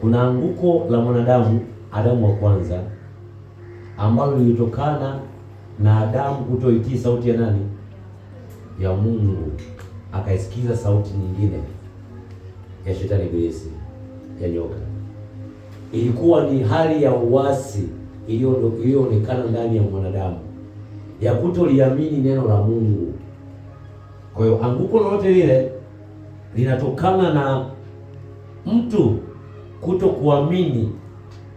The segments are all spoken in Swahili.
kuna anguko la mwanadamu Adamu wa kwanza ambalo lilitokana na Adamu kutoitii sauti ya nani? Ya Mungu, akaisikiza sauti nyingine ya shetani ibilisi ya nyoka. Ilikuwa ni hali ya uasi iliyoonekana ndani ya mwanadamu ya kutoliamini neno la Mungu. Kwa hiyo anguko lolote lile linatokana na mtu kuto kuamini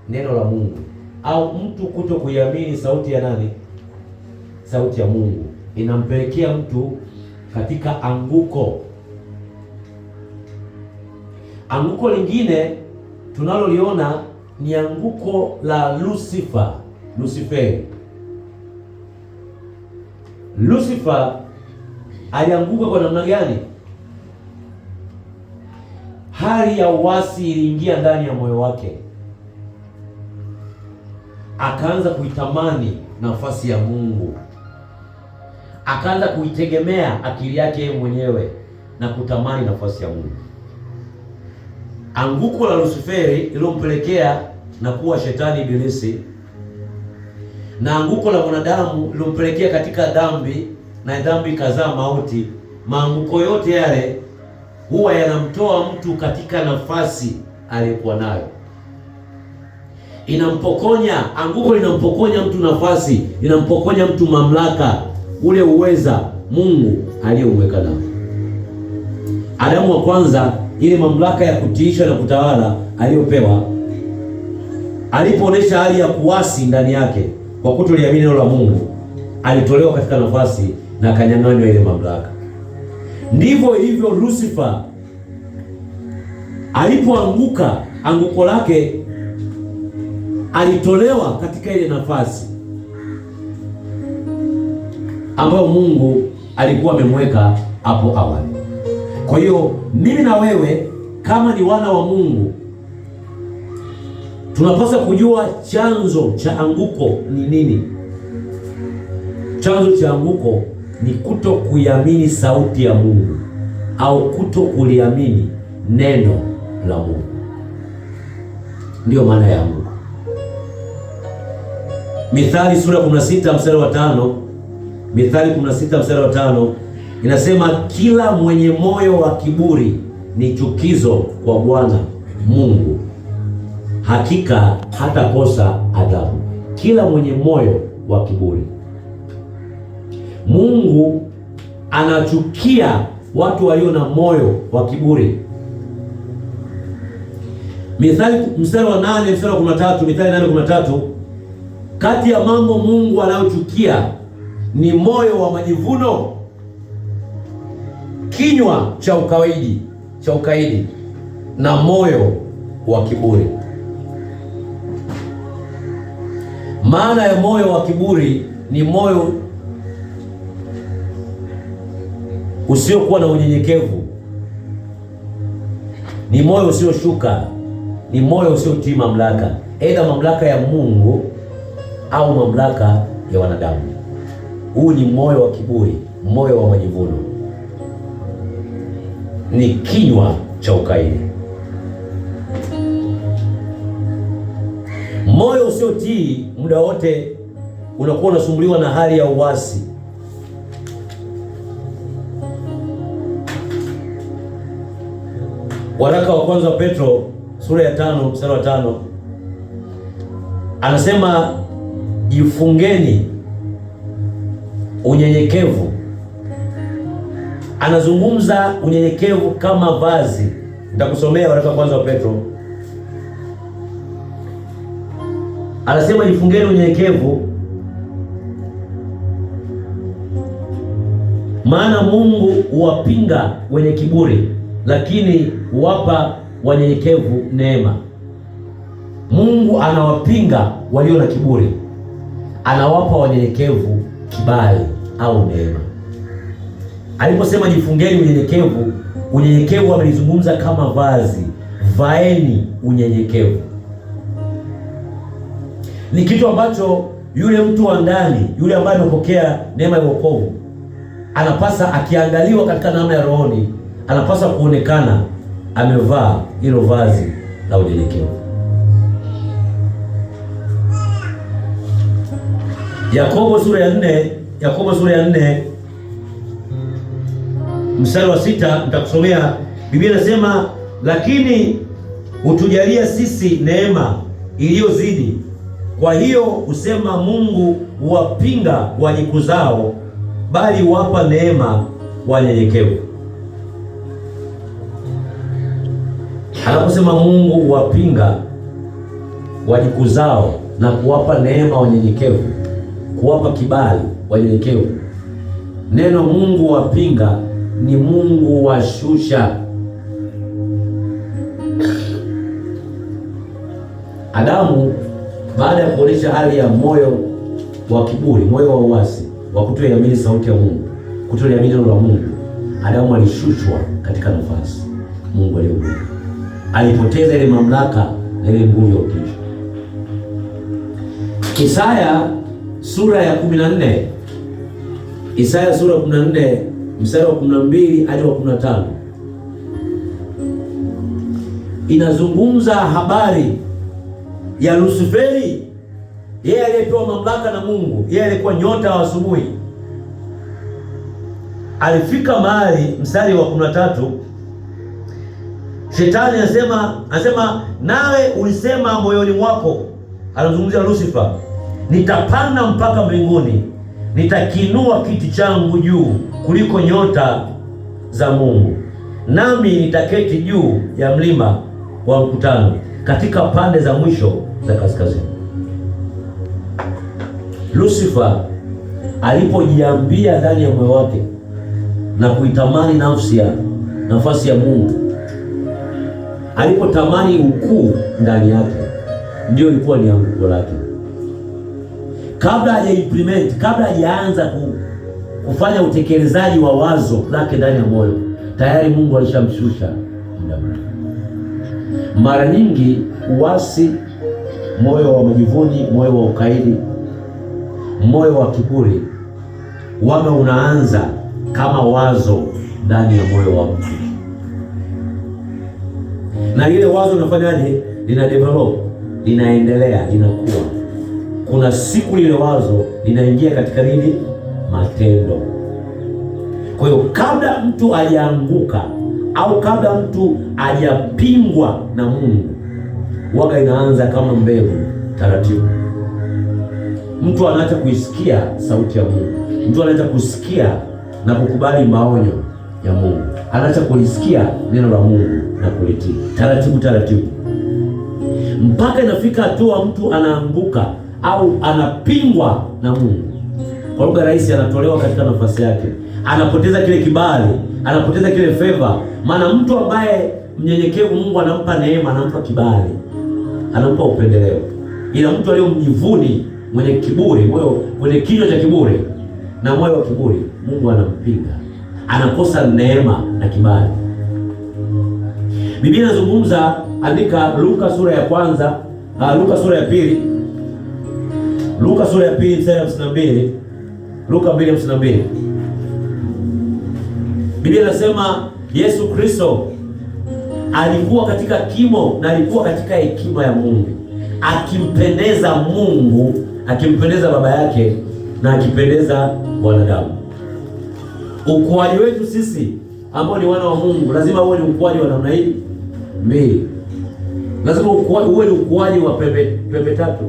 neno la Mungu au mtu kuto kuiamini sauti ya nani? Sauti ya Mungu inampelekea mtu katika anguko. Anguko lingine tunaloliona ni anguko la Lucifer, Lucifer. Lucifer alianguka kwa namna gani? hali ya uasi iliingia ndani ya moyo wake, akaanza kuitamani nafasi ya Mungu, akaanza kuitegemea akili yake yeye mwenyewe na kutamani nafasi ya Mungu. Anguko la Lusiferi lilompelekea na kuwa shetani ibilisi, na anguko la mwanadamu lilompelekea katika dhambi na dhambi ikazaa mauti. Maanguko yote yale huwa yanamtoa mtu katika nafasi aliyokuwa nayo, inampokonya anguko, linampokonya mtu nafasi, inampokonya mtu mamlaka, ule uweza Mungu aliyomweka nao. Adamu wa kwanza, ile mamlaka ya kutiisha na kutawala aliyopewa, alipoonesha hali ya kuasi ndani yake kwa kutoliamini neno la Mungu, alitolewa katika nafasi na akanyang'anywa ile mamlaka. Ndivyo hivyo Lucifer alipoanguka, anguko lake alitolewa katika ile nafasi ambayo Mungu alikuwa amemweka hapo awali. Kwa hiyo mimi na wewe kama ni wana wa Mungu tunapaswa kujua chanzo cha anguko ni nini. Chanzo cha anguko ni kuto kuiamini sauti ya Mungu au kuto kuliamini neno la Mungu. Ndiyo maana ya Mungu. Mithali sura 16 mstari wa tano. Mithali 16 mstari wa tano inasema kila mwenye moyo wa kiburi ni chukizo kwa Bwana Mungu, hakika hatakosa adhabu. Kila mwenye moyo wa kiburi Mungu anachukia watu walio na moyo wa kiburi. Mithali mstari wa 8 mstari wa 13, Mithali 8:13, kati ya mambo Mungu anayochukia ni moyo wa majivuno, kinywa cha ukaidi cha ukaidi na moyo wa kiburi. Maana ya moyo wa kiburi ni moyo usiokuwa na unyenyekevu, ni moyo usioshuka, ni moyo usiotii mamlaka, aidha mamlaka ya Mungu au mamlaka ya wanadamu. Huu ni moyo wa kiburi, moyo wa majivuno, ni kinywa cha ukaidi. Moyo usiotii muda wote unakuwa unasumbuliwa na hali ya uasi Waraka wa kwanza wa Petro sura ya tano mstari wa tano anasema jifungeni unyenyekevu. Anazungumza unyenyekevu kama vazi. Nitakusomea waraka wa kwanza wa Petro, anasema jifungeni unyenyekevu, maana Mungu huwapinga wenye kiburi lakini huwapa wanyenyekevu neema. Mungu anawapinga walio na kiburi, anawapa wanyenyekevu kibali au neema. Aliposema jifungeni unyenyekevu, unyenyekevu amelizungumza kama vazi, vaeni unyenyekevu. Ni kitu ambacho yule mtu wa ndani, yule ambaye amepokea neema ya wokovu, anapasa akiangaliwa katika namna ya rohoni anapaswa kuonekana amevaa hilo vazi la unyenyekevu. Yakobo sura ya nne, Yakobo sura ya nne mstari wa sita nitakusomea. Biblia inasema lakini hutujalia sisi neema iliyozidi, kwa hiyo husema Mungu huwapinga zao bali huwapa neema wanyenyekevu. Anaposema Mungu huwapinga wajikuzao na kuwapa neema wanyenyekevu, kuwapa kibali wanyenyekevu. Neno Mungu huwapinga ni Mungu washusha. Adamu baada ya kuonyesha hali ya moyo wa kiburi, moyo wa uasi, wa kutoiamini sauti ya Mungu, kutoiamini neno la Mungu, Adamu alishushwa katika nafasi Mungu aliyomuumba alipoteza ile mamlaka na ile nguvu ya utisho. Isaya sura ya 14, Isaya sura ya 14 mstari wa 12 hadi wa 15 inazungumza habari ya Lusiferi, yeye aliyepewa mamlaka na Mungu, yeye alikuwa nyota wa asubuhi. Alifika mahali, mstari wa 13 Shetani anasema anasema, nawe ulisema moyoni mwako, anazungumzia Lucifer, nitapanda mpaka mbinguni, nitakinua kiti changu juu kuliko nyota za Mungu, nami nitaketi juu ya mlima wa mkutano katika pande za mwisho za kaskazini. Lucifer alipojiambia ndani ya moyo wake na kuitamani nafsi ya nafasi ya Mungu alipotamani ukuu ndani yake, ndio ilikuwa ni anguko lake. Kabla haja implement, kabla hajaanza kufanya utekelezaji wa wazo lake ndani ya moyo, tayari Mungu alishamshusha muda mrefu. Mara nyingi uasi, moyo wa majivuni, moyo wa ukaidi, moyo wa kiburi, wame unaanza kama wazo ndani ya moyo wa mtu na ile wazo unafanyaje, lina develop, linaendelea, linakuwa. Kuna siku lile wazo linaingia katika nini, matendo. Kwa hiyo kabla mtu hajaanguka au kabla mtu hajapingwa na Mungu, waga inaanza kama mbegu taratibu. Mtu anaacha kuisikia sauti ya Mungu, mtu anaacha kusikia na kukubali maonyo ya Mungu, anaacha kulisikia neno la Mungu na taratibu taratibu, mpaka inafika hatua mtu anaanguka au anapingwa na Mungu. Kwa lugha rahisi, anatolewa katika nafasi yake, anapoteza kile kibali, anapoteza kile feva. Maana mtu ambaye mnyenyekevu, Mungu anampa neema, anampa kibali, anampa upendeleo, ila mtu aliyo mjivuni, mwenye kiburi, moyo mwenye kinywa cha kiburi na moyo wa kiburi, Mungu anampinga, anakosa neema na kibali. Biblia inazungumza, andika Luka sura ya kwanza, uh, Luka sura ya pili, Luka sura ya pili mstari hamsini na mbili Luka mbili hamsini na mbili Biblia inasema Yesu Kristo alikuwa katika kimo na alikuwa katika hekima ya Mungu, akimpendeza Mungu, akimpendeza Baba yake na akipendeza wanadamu. Ukuaji wetu sisi ambao ni wana wa Mungu lazima uwe ni ukuaji wa namna hii mbili. Lazima uwe ni ukuaji wa pembe pembe tatu,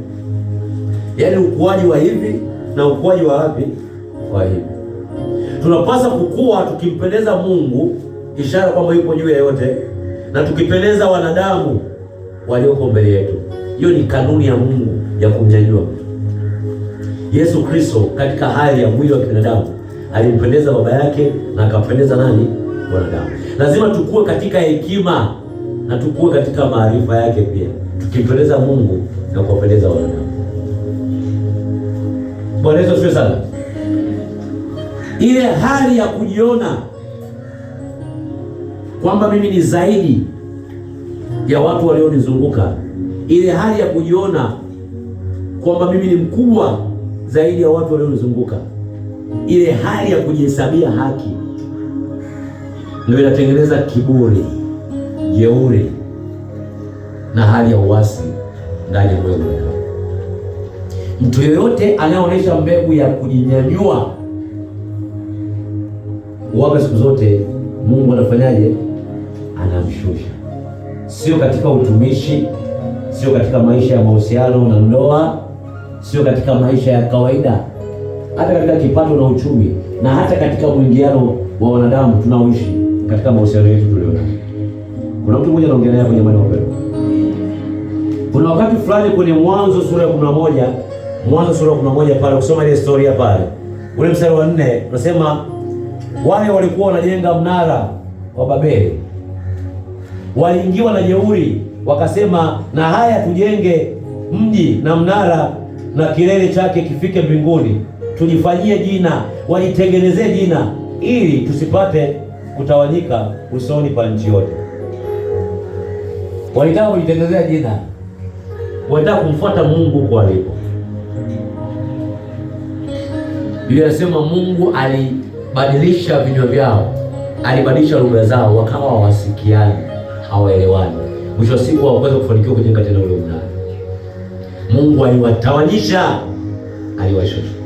yaani ukuaji wa hivi na ukuaji wa wapi, wa hivi. Tunapaswa kukua tukimpendeza Mungu, ishara kwamba yupo juu ya yote, na tukipendeza wanadamu walioko mbele yetu. Hiyo ni kanuni ya Mungu ya kumnyanyua. Yesu Kristo katika hali ya mwili wa kibinadamu alimpendeza Baba yake na akampendeza nani? Wanadamu. Lazima tukue katika hekima na tukue katika maarifa yake pia, tukimpendeza Mungu na kuwapendeza wanadamu. Bwana Yesu asifiwe sana. Ile hali ya kujiona kwamba mimi ni zaidi ya watu walionizunguka, ile hali ya kujiona kwamba mimi ni mkubwa zaidi ya watu walionizunguka, ile hali ya kujihesabia haki ndio inatengeneza kiburi jeuri na hali ya uasi ndani ya moyo wako. Mtu yoyote anayeonyesha mbegu ya kujinyanyua uwaga, siku zote Mungu anafanyaje? Anamshusha, sio katika utumishi, sio katika maisha ya mahusiano na ndoa, sio katika maisha ya kawaida, hata katika kipato na uchumi, na hata katika mwingiano wa wanadamu tunaoishi katika mahusiano yetu. Kuna mtu mmoja anaongelea kwenye maneno yake. Kuna wakati fulani kwenye Mwanzo sura ya 11, Mwanzo sura ya 11 pale ukisoma ile historia pale. Ule mstari wa 4 unasema wale walikuwa wanajenga mnara wa Babeli. Waliingiwa na jeuri wakasema, na haya tujenge mji na mnara na kilele chake kifike mbinguni, tujifanyie jina, walitengenezee jina ili tusipate kutawanyika usoni pa nchi yote walitaka kujitengenezea jina, walitaka kumfuata Mungu huko alipo. Biblia inasema Mungu alibadilisha vinywa vyao, alibadilisha lugha zao, wakawa hawasikiani, hawaelewani. Mwisho wa siku hawaweza kufanikiwa kujenga tena ule mnara. Mungu aliwatawanyisha, aliwashusha